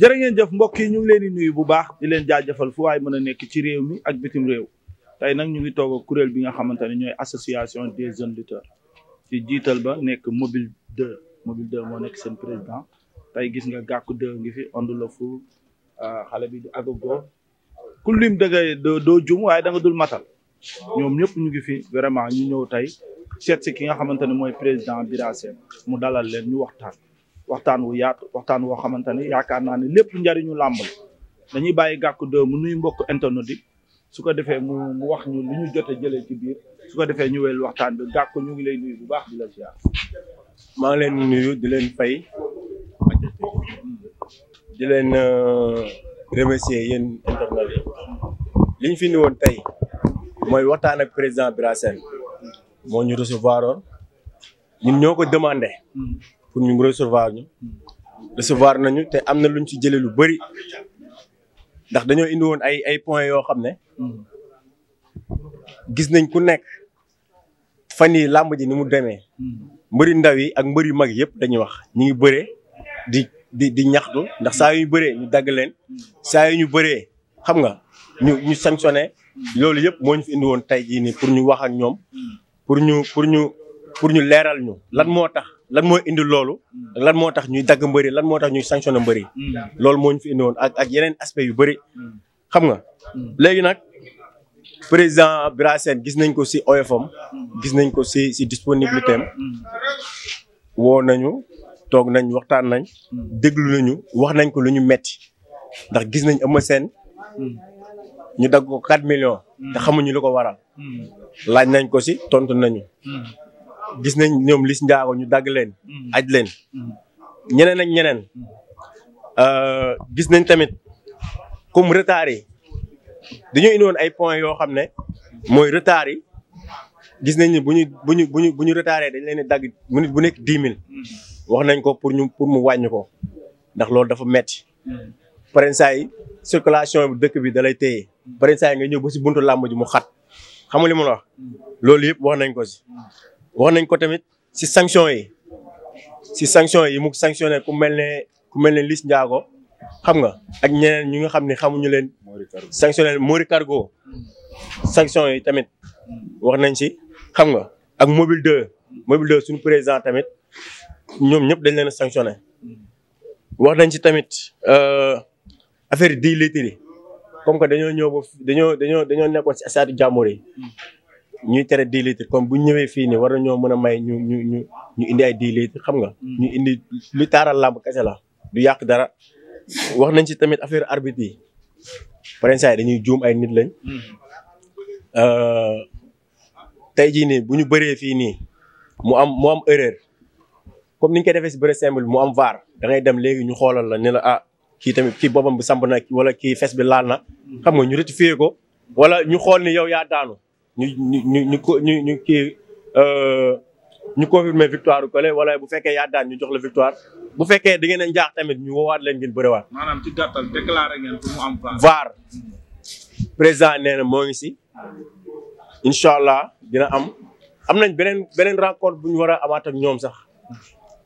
jërë ngeen jëf mbokk yi ñu ngi leen di nuyu bu baax di leen jaajëfal fu waaye mën a nekk ci réew mi ak bitim réew tey nag ñu ngi toog ak kuréel bi nga xamante ne ñooy association des jeunes lutteurs ci jiital ba nekk mobile 2 mobile 2 moo nekk seen président tey gis nga gàkku 2 ngi fi ondu la fu xale bi di agogo ku lim da ngay doo jum waaye da dul matal ñoom ñëpp ñu ngi fi vraiment ñu ñëw tey seet si ki nga xamante ne mooy président Bira Sène mu dalal leen ñu waxtaan waxtaan wu yaat waxtaan woo xamante ne yaakaar naa ne lépp njariñu làmb la dañuy bàyyi gàkku deux mu nuyu mbokk internet su ko defee mu mu wax ñu lu ñu jot a jëlee ci biir su ko defee ñu wéyal waxtaan bi gàkku ñu ngi lay nuyu bu baax di la ziar. maa ngi leen di nuyu di leen fay di leen euh, remercier yéen internet liñ fi ni woon tey mooy waxtaan ak président Bira Sène moo ñu recevoir ñun ñoo ko demande hmm. pour ñu reservoir ñu recevoir nañu te am na lu luñ ci jëlee lu bëri ndax dañoo indi woon ay ay points yoo xam ne gis nañ ku nekk fan yi làmb ji ni mu demee mbëri ndaw yi ak mbëri mag yëpp dañuy wax ñu ngi bëree di di di ñaxtu ndax saa yu ñu bëree ñu dagg leen saa yi ñu bëree xam nga ñu ñu sanctionné loolu yëpp moo ñu fi indi woon tey jii nii pour ñu wax ak ñoom pour ñu pour ñu pour ñu leeral ñu lan moo tax lan moo indi loolu hmm. lan moo tax ñuy dagg mbëri lan moo tax ñuy sanctionné mbëri hmm. loolu moo ñu fi indi woon ak ak yeneen aspect yu bëri hmm. xam nga léegi nag président Bira gis nañ ko si oyofam gis nañ ko si si disponibilité am woo nañu toog nañ waxtaan nañ déglu nañu wax nañ ko lu ñu metti ndax gis nañ Eumeu Sène ñu dagg ko 4 millions te xamuñu lu ko waral laaj nañ ko si tontu nañu gis nañ ñoom Liss Ndiago ñu dagg leen. Mm. aj leen. Mm. ñeneen ak ñeneen. Mm. Euh, gis nañ tamit comme retard yi dañoo indi woon ay point yoo xam ne mooy retard yi gis nañ ni bu ñu bu ñu bu ñu ñu retardé dañ leen di dagg minute bu nekk dix mille. wax nañ ko pour ñu pour mu wàññi ko ndax loolu dafa metti pare saa yi circulation bi dëkk bi dalay lay téye paren saa yi nga ñëw ba si buntu làmb ji mu xat xam nga li ma la loolu yëpp wax nañ ko si. wax nañ ko tamit si sanction yi si sanction yi mu sanctionné ku mel ne ku mel ne Liss Ndiago xam nga ak ñeneen ñu nga xam ne xamuñu leen sanctionné Mori Cargo sanction yi tamit wax nañ si xam nga ak mobile 2 mobile 2 suñu président tamit ñoom ñëpp dañ leen a sanctionné wax nañ si tamit euh, affaire di litre yi comme dañoo ñëw ba dañoo dañoo dañoo nekkoon si asaati jàmbur ñuy tere 10 litres comme bu ñëwee fii nii war na ñoo mën a may ñu ñu ñu ñu indi ay 10 litres xam nga. Mm. ñu indi lu taaral làmb kese la du yàq dara wax nañ ci tamit affaire arbit yi parrainage dañuy juum ay nit lañ. Mm. Euh, tey jii nii bu ñu bëree fii nii mu am mu am erreur comme ni koy defee si bëre simple mu am vaar da dem léegi ñu xoolal la ne la ah kii tamit kii boppam bi samp na wala kii fes bi laal na mm. xam nga ñu rectifier ko wala ñu xool ni yow yaa daanu. ñu ñu ñu ñu ñu ñu kii euh, ñu confirmer victoire bu kële wala bu fekkee yaa daan ñu jox la victoire bu fekkee da ngeen a njaax tamit ñu woowaat leen ngeen bëriwaat. maanaam ci gàttal VAR président nee na moo ngi si incha allah dina am am nañ beneen beneen rencontre bu ñu war a amaat ñoom sax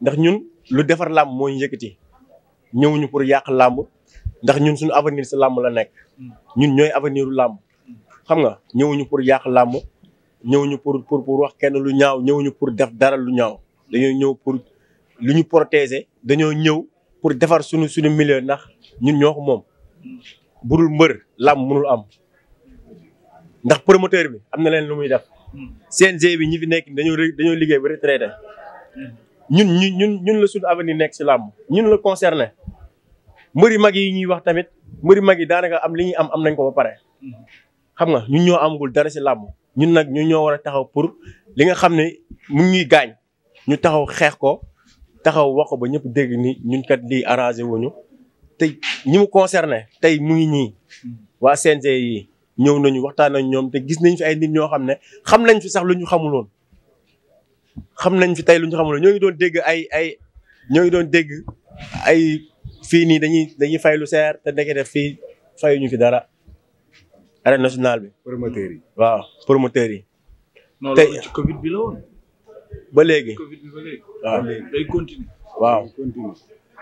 ndax ñun lu defar làmb mooy ñu yëkkati ñëwuñu pour yàq làmb ndax ñun suñu avenir si làmb la nekk ñun ñooy avenir làmb. xam nga ñëwuñu pour yàq làmb ñëwuñu pour pour pour wax kenn lu ñaaw ñëwuñu pour def dara lu ñaaw dañoo ñëw pour lu ñu protéger dañoo ñëw pour defar suñu suñu milieu ndax ñun ñoo ko moom budul mbër làmb mënul am ndax promoteur bi am na leen lu muy def CNG bi ñi fi nekk dañoo dañoo liggéey ba retraité ñun ñu ñun ñun la suñu avenir nekk si làmb ñun la concerné mbëri mag yi ñuy wax tamit mbëri mag yi daanaka am li ñu am am nañ ko ba pare xam nga ñu ñoo amagul dara si làmb ñun nag ñu ñoo war a taxaw pour li nga xam ne mu ngi gaañ ñu taxaw xeex ko taxaw wax ko ba ñëpp dégg ni ñu kat lii arrangé wuñu te ñi mu concerné tey mu ngi ñii waa CNG yi ñëw nañu waxtaan ak ñoom te gis nañ fi ay nit ñoo xam ne xam nañ fi sax lu ñu xamuloon xam nañ fi tey lu ñu xamuloon ñoo ngi doon dégg ay ay ñoo ngi doon dégg ay fii nii dañuy dañuy fay lu seer te ndekete fii fayuñu fi dara arène nationale bi. promoteur yi waaw promoteur yi. tey Covid bi la woon. ba léegi waaw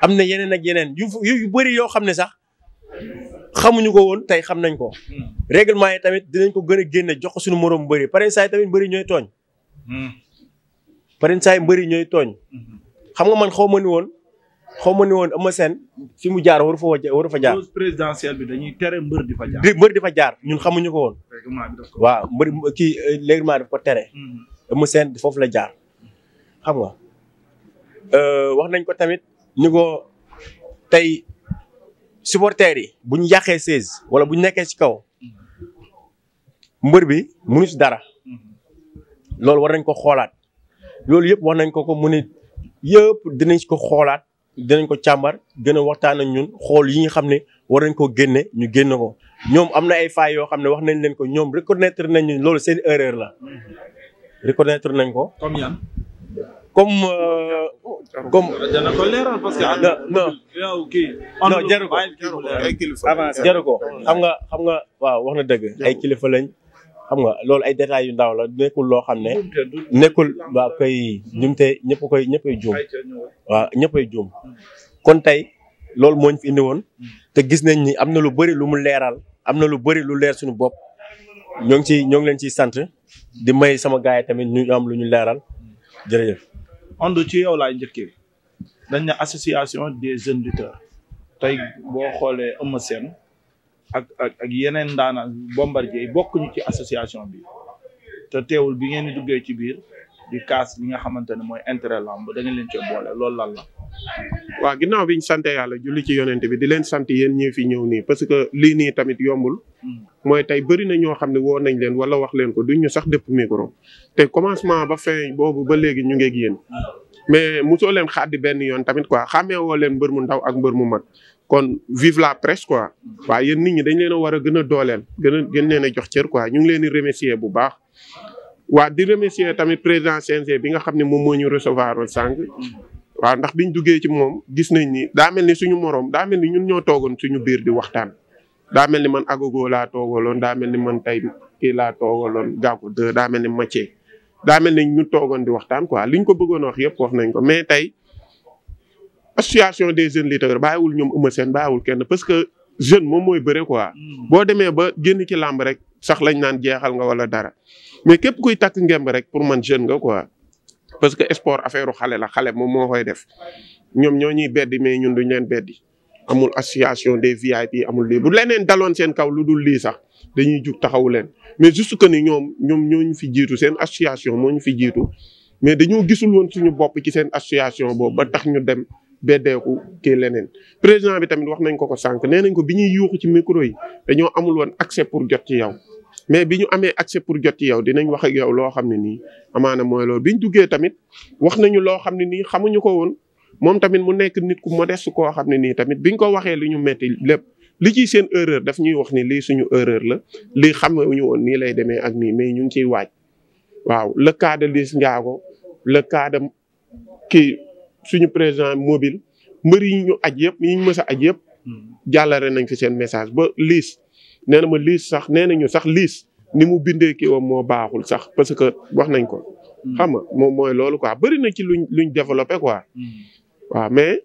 am na yeneen ak yeneen yu yu bëri yoo xam ne sax xamuñu ko woon tey xam nañ ko. Hmm. règlement yi tamit dinañ ko gën a génne jox ko suñu morom bëri pare saa yi tamit bëri ñooy tooñ. Hmm. pare saa yi bëri ñooy tooñ. Hmm. xam nga man xaw ma ni woon. xaw ma ne woon Eumeu Sène fi mu jaar waru fa waru fa jaar. présidentielle bi dañuy tere mbër di fa jaar. mbër di jaar ñun xamuñu ko woon. waaw mbër kii euh, règlement daf ko tere. Mhm. Eumeu Sène foofu la jaar xam nga. Euh, wax nañ ko tamit ni ko tey supporters yi buñ ñu sais wala buñ nekkee ci kaw mhm. mbër bi munu ci dara mhm. loolu war nañ ko xoolaat loolu yëpp wax nañ ko ko mu ne yëpp dinañ ko xoolaat. dinañ ko càmbar gën a waxtaan ak ñun xool yi ñu xam ne war nañ ko génne ñu génne ko ñoom am na ay failles yoo xam ne wax nañ leen ko ñoom reconnaître nañ ñu loolu seen erreur la reconnaître nañ ko. comme yan. comme. Euh, comme dana ko leeral parce jaru ko jaru ko xam nga xam nga waaw wax na dëgg ay kilifa lañ. xam nga loolu ay détails yu ndaw la nekkul loo xam ne nekkul waaw koy jumte ñëpp koy ñëppay juum waaw ñëppay juum kon tey loolu moo ñu fi indi woon mm. te gis nañ ni am na lu bëri lu mu leeral am na lu bëri lu leer suñu bopp ñoo ngi ciy ñoo ngi leen ciy sant di may sama gars yi tamit ñu am lu ñu leeral jërëjëf. Onde ci yow laay njëkkee dañ ne association des jeunes lutteurs tey boo xoolee Eumeu seen ak ak ak yeneen ndaanaan bombardier bokkuñu ci association bi te teewul bi ngeen duggee ci biir di kaas bi nga xamante ne mooy intérêt lamb da ngeen leen cee boole loolu lan la. waaw ginaaw bi ñu sant yàlla julli ci yonent bi di leen sant yéen ñi fi ñëw nii parce que lii nii tamit yombul. Hmm. mooy tey bëri na ñoo xam ne woo nañ leen wala wax leen ko duñ ñu sax dëpp micro. te commencement ba fin boobu ba léegi ñu ngeeg yéen. Hmm. mais mosoo leen xaar di benn yoon tamit quoi xàmmee woo leen mbër mu ndaw ak mbër mu mag kon vive la presse quoi waaw yéen nit ñi dañ leen a war a gën a dooleel gën a leen a jox cër quoi ñu ngi leen di remercier bu baax waa di remercier tamit président CNG bi nga xam ne moom moo ñu recevoir woon sànq waa ndax biñ duggee ci moom gis nañ ni daa mel ni suñu moroom daa mel ni ñun ñoo toogoon suñu biir di waxtaan daa mel ni man agogo laa toogaloon daa mel ni man tey kii laa toogaloon gàkku daa mel ni Mathieu daa mel ne ñu toogoon di waxtaan quoi liñ ko bëggoon wax yëpp wax nañ ko mais tey association des jeunes lutteurs bàyyiwul ñoom Eumeu Sène bàyyiwul kenn parce que jeune moom mooy bëre quoi. Mm. boo demee ba génn ci làmb rek sax lañ naan jeexal nga wala dara mais képp kuy takk ngemb rek pour man jeune nga quoi. parce que sport affaire xale la xale moom moo koy def ñoom ñoo ñuy beddi mais ñun duñ leen beddi amul association des VIP amul lii bu leneen daloon seen kaw lu dul lii sax dañuy jug taxawu leen. mais juste que ni ñoom ñoom ñoo fi jiitu seen association mooñu ñu fi jiitu mais dañoo gisul woon suñu bopp ci seen association boobu ba tax ñu dem beddeeku kii leneen. président bi tamit wax nañ ko ko sànq nee nañ ko bi ñu yuuxu ci micro yi dañoo amul woon accès pour jot ci yow. mais bi ñu amee accès pour jot ci yow dinañ wax ak yow loo xam ne nii amaana mooy loolu bi ñu duggee tamit wax nañu loo xam ne nii xamuñu ko woon moom tamit mu nekk nit ku modeste koo xam ne nii tamit biñ ko waxee li ñu metti lépp. li ci seen erreur daf ñuy wax ni lii suñu erreur la mhm. lii xam nga ñu woon nii lay demee ak nii mais ñu ngi ciy waaj waaw le kaada liis Liss Ndiago le cas de kii suñu président mobile mbër yi ñu aj yëpp yi ñu mës aj yëpp mhm. jàllale nañ fi seen message ba liis nee na ma liis sax nee nañu sax liis ni mu bindee kii wam moo baaxul sax parce que wax nañ ko mhm. xam moom mooy loolu ko bëri na ci luñ luñ développé quoi waaw mais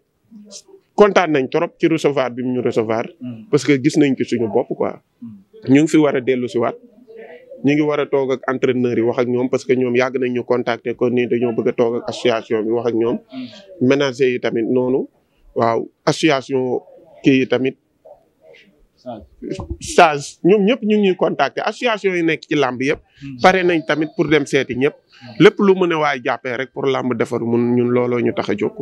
kontaan nañ trop ci recevoir bi mu ñu recevoir. Hmm. parce que gis nañ ci suñu bopp quoi. Hmm. ñu ngi fi war a dellu siwaat waat ñu ngi war a toog ak entraîneurs yi wax ak ñoom parce que ñoom yàgg nañu ñu ko kon nii dañoo bëgg a toog ak association bi ak ñoom. Hmm. ménager yi tamit noonu. waaw association kii tamit. sage ñoom ñëpp ñu ngi ñuy contacter association yi nekk ci làmb yëpp. pare nañ tamit pour dem seeti ñëpp. lépp lu mën a waay jàppee rek pour làmb defar mun ñun looloo ñu tax a jóg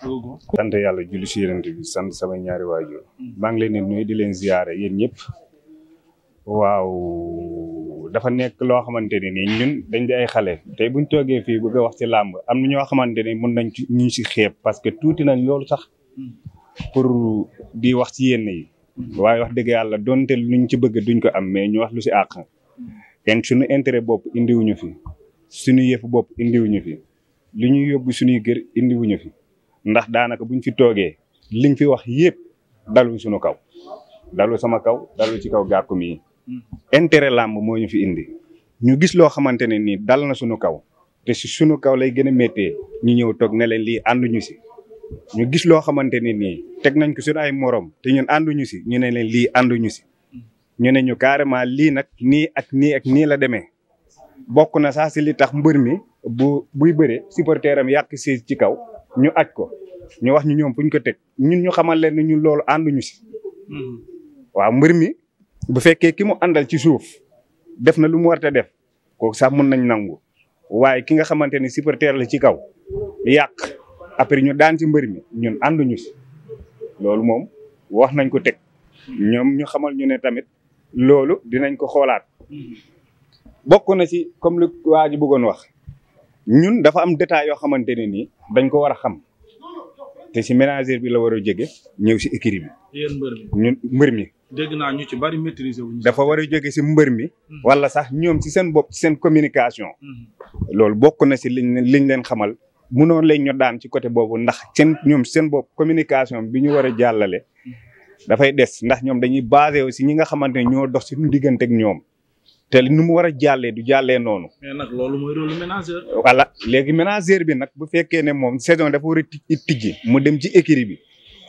sant yàlla julli si yonent bi sant sama ñaari waajur maa ngi leen di nuyu di leen ziyaare yéen ñëpp waaw dafa nekk loo xamante ne ni ñun dañ di ay xale te buñ toogee fii bëgg wax ci làmb am na ñoo xamante ne mën nañ ci ñu si xeeb parce que tuuti nañ loolu sax pour di wax ci yenn yi waaye wax dëgg yàlla donte luñ ci bëgg duñ ko am mais ñu wax lu si àq kenn suñu intérêt bopp indiwuñu fi suñu yëfu bopp indiwuñu fi lu ñuy yóbbu suñuy kër indiwuñu fi ndax daanaka buñ fi toogee liñ fi wax yëpp dalu suñu kaw dalu sama kaw dalul ci kaw gàkku mi hmm. intérêt làmb moo ñu fi indi ñu gis loo xamante ne nii dal na suñu kaw te si sunu kaw lay gën a méttee ñu ñëw toog na leen lii ànduñu si ñu gis loo xamante ne nii teg nañ ko suñu ay morom te ñun ànduñu si ñu ne leen lii ànduñu si hmm. ñu ne ñu carrément lii nag nii ak nii ak nii la demee bokk na saa si li tax mbër mi bu buy bëre supporteram yàq si ci kaw ñu aj ko ñu wax ñu ñoom buñ ko teg ñun ñu xamal leen ni ñun loolu ànduñu si. Hmm. waaw mbër mi bu fekkee ki mu àndal ci suuf def na lu mu war a def kooku sax mën nañ nangu waaye ki nga xamante ni supporter la ci kaw yàq après ñu daan si mbër mi ñun ànduñu si loolu moom wax nañ ko teg ñoom ñu xamal ñu ne tamit loolu dinañ ko xoolaat. bokk na ci comme lu waa ji bëggoon wax ñun dafa am détail yoo xamante ne nii. dañ ko war a xam te si manager bi la war a jóge ñëw si écurie bi. yéen ñun mbër mi. dégg naa ñu ci bari maîtriser wuñ dafa war a jóge si mbër mi. Hmm. wala sax ñoom si seen bopp si seen communication. Hmm. loolu bokk na si liñ liñ leen xamal. mënoon lañ ñu daan ci côté boobu ndax seen ñoom seen bopp communication bi ñu war a jàllale. Hmm. dafay des ndax ñoom dañuy basé wu si ñi nga xamante ne ñoo dox si diggante ak ñoom. te nu mu war a jàllee du jàllee noonu. mais nag loolu mooy rôle léegi ménageur bi nag bu fekkee ne moom saison dafa war a tijji mu dem ci écurie bi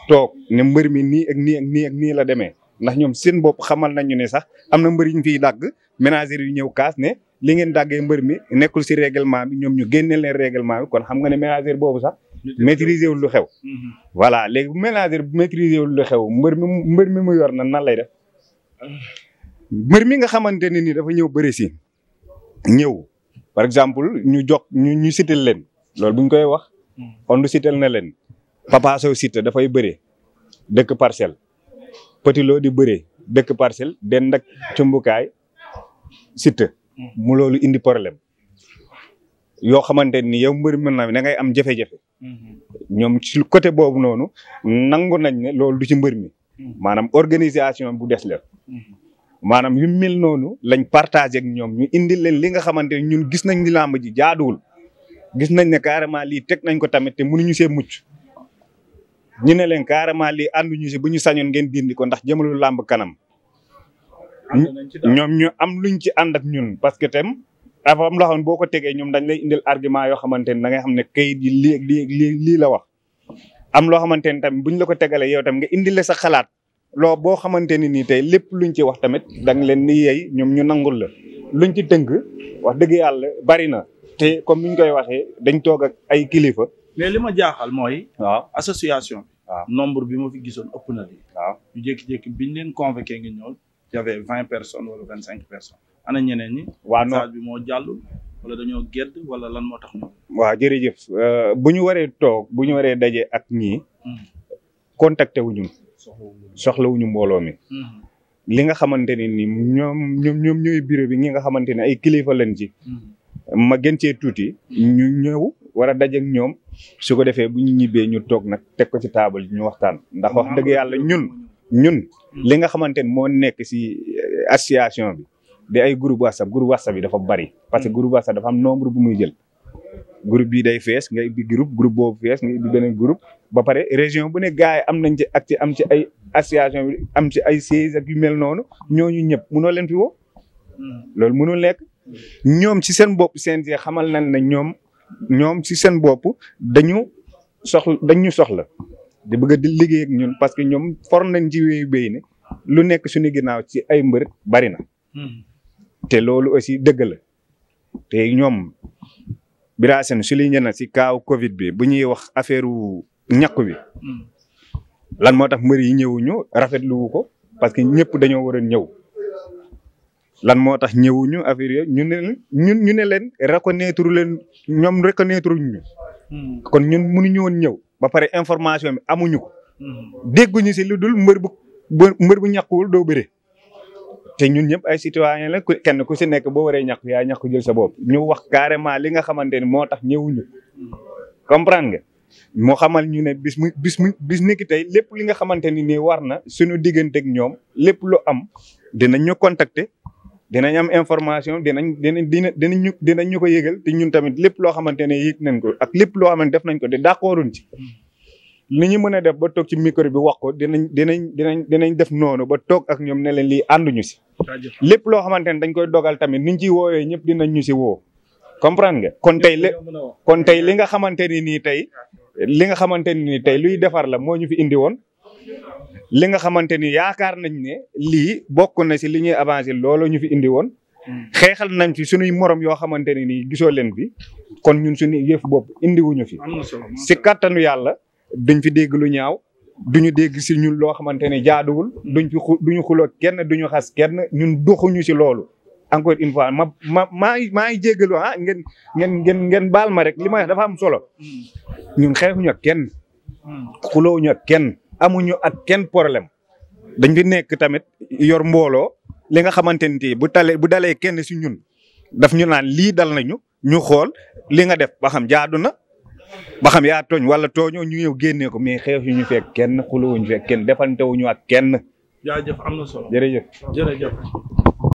toog ne mbër mi nii ak nii ak nii nii la demee ndax ñoom seen bopp xamal nañu ne sax am na mbër yu ñu fiy dàgg ménageur yu ñëw kaas ne li ngeen dàggee mbër mi nekkul si réglement bi ñoom ñu génneel leen réglement bi kon xam nga ne ménageur boobu sax. maîtriser wul lu xew. Mm-hmm. voilà léegi bu ménageur maîtriser wul lu xew mbër mi mbër mi mu yor na nan lay def. Ah. mbër mi nga xamante ne ni dafa ñëw bëri si ñëw par exemple ñu jox ñu ñu sital leen loolu bu koy wax. Ondu sital na leen. Papa Sow Siteu dafay bëre dëkk parcelle Petit loolu di bëre dëkk parcelle dend ak cumbukaay Siteu mu loolu indi problème yoo xamante ni yow mbër mën na da ngay am jafe-jafe. ñoom ci côté boobu noonu nangu nañ ne loolu du ci mbër mi. Mm-hmm. maanaam organisation bu des la. Mm-hmm. maanaam yu mil noonu lañ partagé ak ñoom ñu indi leen li nga xamante ne ñun gis nañ ni làmb ji jaaduwul gis nañ ne carrément lii teg nañ ko tamit te mënuñu see mucc ñu ne leen carrément lii ànduñu si bu ñu sañoon ngeen dindi ko ndax jëmalul làmb kanam. ñoom ñu am luñ ci ànd ak ñun parce que tam dafa am loo xam ne boo ko tegee ñoom dañ lay indil argument yoo xamante ne da ngay xam ne kayit yi lii lii lii la wax. am loo xamante ne tamit buñ la ko tegalee yow tam nga indile sa xalaat. loo boo xamante ni nii tey lépp luñ ci wax tamit dang leen ni ñoom ñu nangul la luñ ci tënk wax dëgg yàlla bari na te comme niñ koy waxee dañ toog ak ay kilifa. mais li ma jaaxal mooy. waaw association. nombre bi ma fi gisoon ëpp na lii. waaw ñu jékki-jékki biñ leen convoqué nga ñëw y avait vingt personnes wala vingt cinq personnes ana ñeneen ñi. waa message bi moo jàll wala dañoo gedd wala lan moo tax ñu. waaw jërëjëf euh, bu ñu waree toog bu ñu waree daje ak ñii. Hmm. contacté wu ñu soxlawuñu mbooloo mi mm-hmm. li nga xamante ne ni ñoom ñoom ñoom ñooy bureau bi ñi nga xamante ne ay kilifa lañ ci mm-hmm. ma gën cee tuuti ñu ñëw war a dajeek ñoom su ko defee bu ñu ñibbee ñu toog nag teg ko ci taabal ñu waxtaan ndax wax dëgg yàlla ñun ñun mm-hmm. li nga xamante ne moo nekk si eh, association bi di ay groupe whatsapp groupe whatsapp yi dafa bari parce que groupe whatsapp dafa am nombre bu muy jël groupe bii day fees nga ubbi groupe groupe boobu fees nga ubbi beneen groupe ba pare région bu ne gars yi am nañ ci ak ci am ci ay association bi am ci ay siège ak mel noonu ñooñu ñëpp mënoo leen fi wo hmm. loolu mënul nekk ñoom si seen bopp CNG xamal nañ ne ñoom ñoom si seen bopp dañu soxla dañu soxla di bëgg di liggéey ñun parce que ñoom for nañ ci wéyu béy ne lu nekk suñu ginnaaw ci ay mbër bari na hmm. te loolu aussi dëgg la te ñoom Bira Sène souligné na si kaaw Covid bi bu ñuy wax affaire ñàkk bi. Hmm. lan moo tax mbër yi ñëwuñu rafetlu ko parce que ñëpp dañoo war a ñëw. lan moo tax ñëwuñu affaire yooyu ñu ne ñun ñu ne leen reconnaître leen ñoom reconnaître ñu. Hmm. kon ñun mënuñu woon ñëw ba pare information bi amuñu ko. Hmm. dégguñu si lu dul mbër bu mbër bu ñàkkuwul doo bëre. te ñun ñëpp ay citoyen la kenn ku si nekk boo waree ñàkk yaa ñàkk jël sa bopp ñu wax carrément li nga xamante ni moo tax ñëwuñu comprendre moo xamal ñu ne bis mu bis mu bis ni ki tey lépp li nga xamante ni nii war na suñu digganteeg ñoom lépp lu am dinañ ñu contacter dinañ am information dinañ dinañ dina dinañ ñu dinañ ñu ko yëgal te ñun tamit lépp loo xamante ne yëg nañ ko ak lépp loo xamante def nañ ko te d'accorduñ ci li ñu mën a def ba toog ci micro bi wax ko dinañ dinañ dinañ dinañ def noonu ba toog ak ñoom ne leen lii ànduñu si lépp loo xamante ne dañ koy dogal tamit niñ ci woowee ñëpp dinañ ñu si woo comprendre nga kon tey li kon tey li nga xamante ni nii tey li nga xamante ni nii tey luy defar la moo ñu fi indi woon li nga xamante ni yaakaar nañ ne lii bokk na si li ñuy avancé loolu ñu fi indi woon xeexal nañ fi suñuy moroom yoo xamante ni nii gisoo leen fi kon ñun suñu yëf bopp indiwuñu fi si kàttanu yàlla duñ fi dégg ñaaw duñu dégg si ñun loo xamante ne jaaduwul duñ fi xu duñu xuloo kenn duñu xas kenn ñun doxuñu si loolu encore une fois ma ma maa ngi maa ngi jéggalu ah ngeen ngeen ngeen ngeen baal ma rek li ma dafa am solo ñun xeexuñu ak kenn xulóowuñu ak kenn amuñu ak kenn problème dañ fi nekk tamit yor mbooloo li nga xamante ni bu talee bu dalee kenn si ñun daf ñu naan lii dal nañu ñu xool li nga def ba xam jaadu na ba xam yaa tooñ wala tooñoo ñu ñëw génnee ko mais xeex yu ñu fekk kenn xulawuñu fekk kenn defante wuñu ak kenn. jaajëf am na solo jërëjëf jërëjëf.